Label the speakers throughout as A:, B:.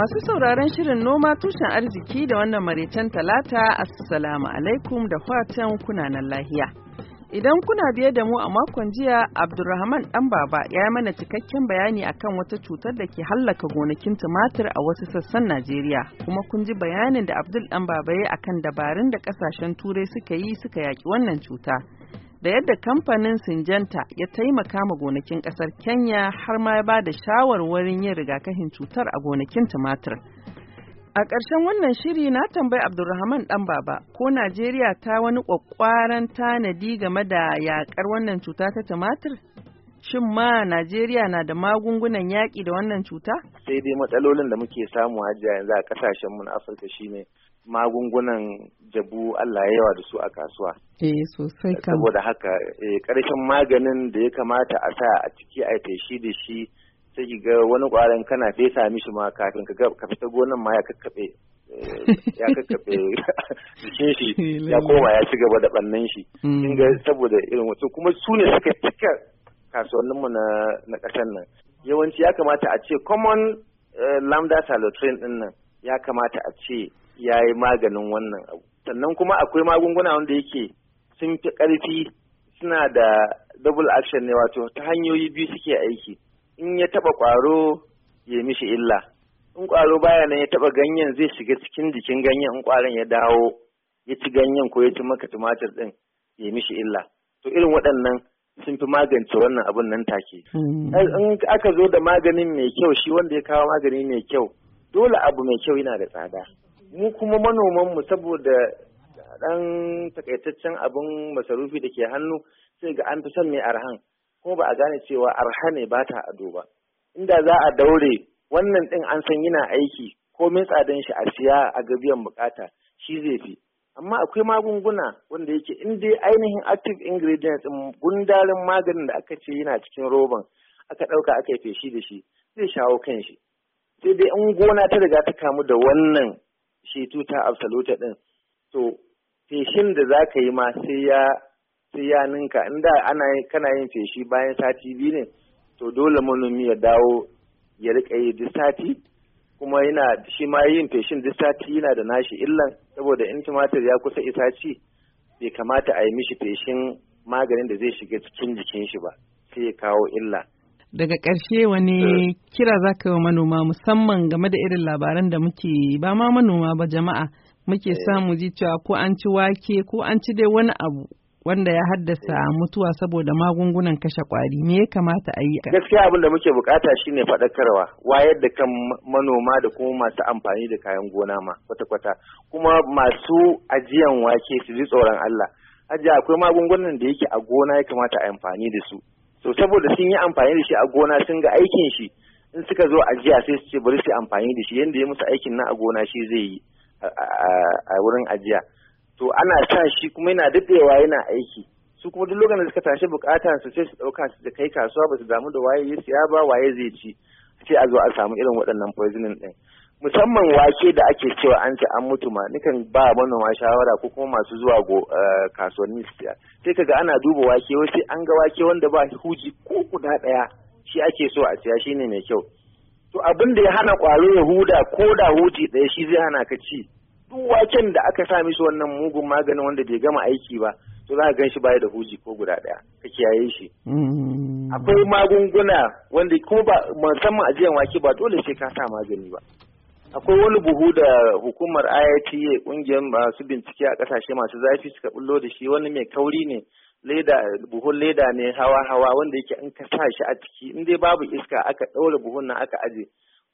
A: Masu sauraron shirin noma tushen arziki da wannan maraicen talata, Assalamu alaikum da fatan kuna nan lahiya. Idan kuna biye da mu a makon jiya, Abdulrahman ɗan baba ya yi mana cikakken bayani akan wata cutar da ke hallaka gonakin tumatir a wasu sassan Najeriya, kuma kun ji bayanin da Abdul ɗan baba ya akan dabarun da ƙasashen Turai suka yi suka yaki wannan cuta. da yadda kamfanin Sinjanta ya taimaka ma gonakin ƙasar Kenya har ma ya ba da shawarwarin yin rigakafin cutar a gonakin tumatir. A ƙarshen wannan shiri na tambayi Abdulrahman ɗan baba ko Najeriya ta wani ƙwaƙƙwaran tanadi game da yaƙar wannan cuta ta tumatir? Shin ma Najeriya na da magungunan yaƙi da wannan cuta?
B: Sai dai matsalolin da muke samu hajjiya yanzu a ƙasashen mu na Afirka shine magungunan jabu Allah ya yawa da su a kasuwa.
A: Eh sosai kan. Saboda
B: haka eh, ƙarshen maganin da ya kamata a sa a ciki a feshi da shi sai ki ga wani ƙwarin kana fesa mishi ma kafin ka fita gonan ma ya kakkabe eh, ya kakkabe jikin shi eh, ya koma ya ci gaba da bannan shi. Mm. Kin ga saboda irin wasu kuma su ne suka cika kasuwanninmu na na ƙasar nan. Yawanci ya kamata a ce common lambda salotrin nan ya kamata a ce ya yi maganin wannan abu sannan kuma akwai magunguna wanda yake sun fi ƙarfi suna da double action ne wato ta hanyoyi biyu suke aiki in ya taɓa ƙwaro ya yi mishi illa in ƙwaro baya nan ya taɓa ganyen zai shiga cikin jikin ganyen in ƙwaron ya dawo ya ci ganyen ko ya ci maka tumatir ɗin ya yi mishi illa to irin waɗannan sun fi magance wannan abun nan take hmm. in aka zo da maganin mai kyau shi wanda ya kawo magani mai kyau dole abu mai kyau yana da tsada mu kuma manomanmu saboda ɗan takaitaccen abin masarufi da ke hannu sai ga an fi son mai arhan kuma ba a gane cewa arha ne ba ta ado ba inda za a daure wannan ɗin an san yana aiki ko min tsadan shi a siya a ga biyan bukata shi zai fi amma akwai magunguna wanda yake in dai ainihin active ingredients ɗin gundarin maganin da aka ce yana cikin roban aka ɗauka aka yi feshi da shi zai shawo kan shi sai dai in gona ta riga ta kamu da wannan shi tuta absolute din to feshin da za ka yi ma sai ya sai ya ninka inda ana kana yin feshi bayan sati biyu ne to dole manomi ya dawo ya rika yi duk sati kuma yana shi ma yin feshin duk sati yana da nashi illan saboda in tumatir ya kusa isa ci bai kamata a yi mishi feshin maganin da zai shiga cikin jikin shi ba sai ya kawo illa
A: daga ƙarshe wani kira za ka yi manoma musamman game da irin labaran da muke ba ma manoma ba jama'a muke eh. samu ji cewa ko an ci wake ko an ci dai wani abu wanda ya haddasa eh. mutuwa saboda magungunan kashe kwari me ya kamata a yi gaskiya
B: abin da muke bukata shine faɗakarwa wayar da kan manoma da kuma masu amfani da kayan gona ma kwata-kwata kuma masu ajiyan wake su ji tsoron Allah ajiya akwai magungunan da yake a gona ya kamata a amfani da su so saboda sun yi amfani da shi a gona sun ga aikin shi in suka zo ajiya sai su ce bari su amfani da shi yadda ya musu aikin na a gona shi zai yi a wurin ajiya to ana sa shi kuma yana daɗewa yana aiki su kuma duk lokacin da suka tashi bukatan su sai su ɗauka su da kai kasuwa ba su damu da waye ya siya ba waye zai ci sai a zo a samu irin waɗannan poisoning ɗin musamman wake da ake cewa an ce an mutu ma nikan ba manoma shawara ko kuma masu zuwa go eh, kasuwanni su siya sai kaga ana duba wake wasu, an ga wake wanda ba huji ko guda daya shi ake so a siya shine mai kyau to abin da ya hana kwaro ya huda ko da huji daya shi zai hana ka ci duk waken da aka sa mishi wannan mugun maganin wanda bai gama aiki ba to za ka gan shi baya da huji ko guda daya ka kiyaye shi
A: mm. akwai
B: magunguna wanda kuma ba musamman ajiyan wake ba dole sai ka sa magani ba akwai wani buhu da hukumar IITA kungiyar masu bincike a kasashe masu zafi suka bullo da shi wani mai kauri ne leda buhun leda ne hawa hawa wanda yake in ka sa shi a ciki in dai babu iska aka ɗaure buhun nan aka aje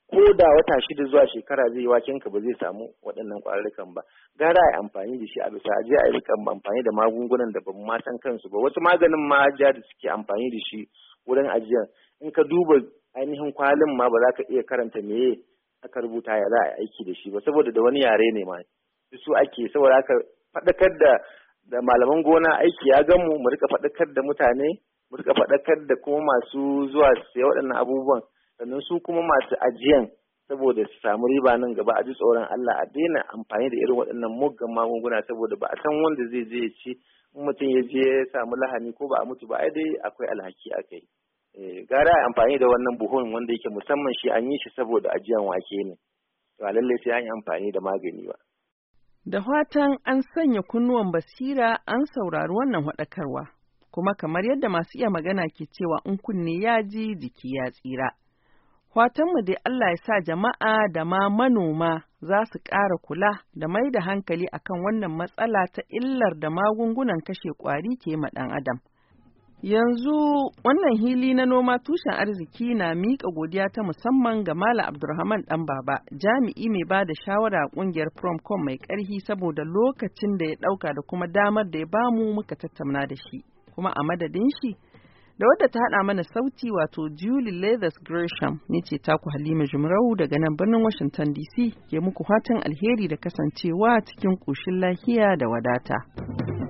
B: ko da wata shida zuwa shekara zai yi waken ka ba zai samu waɗannan ƙwararrukan ba gara a amfani da shi a bisa a a yi amfani da magungunan da bamu ma san kansu ba wasu maganin ma ja da suke amfani da shi wurin ajiyar in ka duba ainihin kwalin ma ba za ka iya karanta meye aka rubuta ya za a aiki da shi ba saboda da wani yare ne ma su ake saboda aka faɗakar da da malaman gona aiki ya gamu mu rika faɗakar da mutane mu rika faɗakar da kuma masu zuwa su waɗannan abubuwan sannan su kuma masu ajiyan saboda su samu riba nan gaba a ji tsoron Allah a daina amfani da irin waɗannan muggan magunguna saboda ba a san wanda zai je ya ci in mutum ya je ya samu lahani ko ba a mutu ba ai dai akwai alhaki a kai. Eh, gara a amfani da wannan buhun wanda yake musamman shi an yi shi saboda ajiyan wake ne a lalle sai an yi amfani da magani ba
A: da fatan an sanya kunnuwan basira an saurari wannan hadakarwa kuma kamar yadda masu iya magana ke cewa in kunne ya ji jiki ya tsira mu dai Allah ya sa jama'a da ma manoma za su ƙara kula da mai da hankali akan wannan matsala ta illar da magungunan kashe ƙwari ke ma ɗan adam. Yanzu wannan hili na noma tushen arziki na miƙa godiya ta musamman ga Malam Abdulrahman ɗan baba jami'i mai ba da shawara a ƙungiyar Promcom mai ƙarhi saboda lokacin da ya ɗauka da kuma damar da ya bamu muka tattauna da shi. Kuma a madadin shi da wadda ta haɗa mana sauti wato Julie Leathers Gresham ni ce taku Halima Jumrau daga nan birnin Washington DC ke muku fatan alheri da kasancewa cikin ƙoshin lafiya da wadata.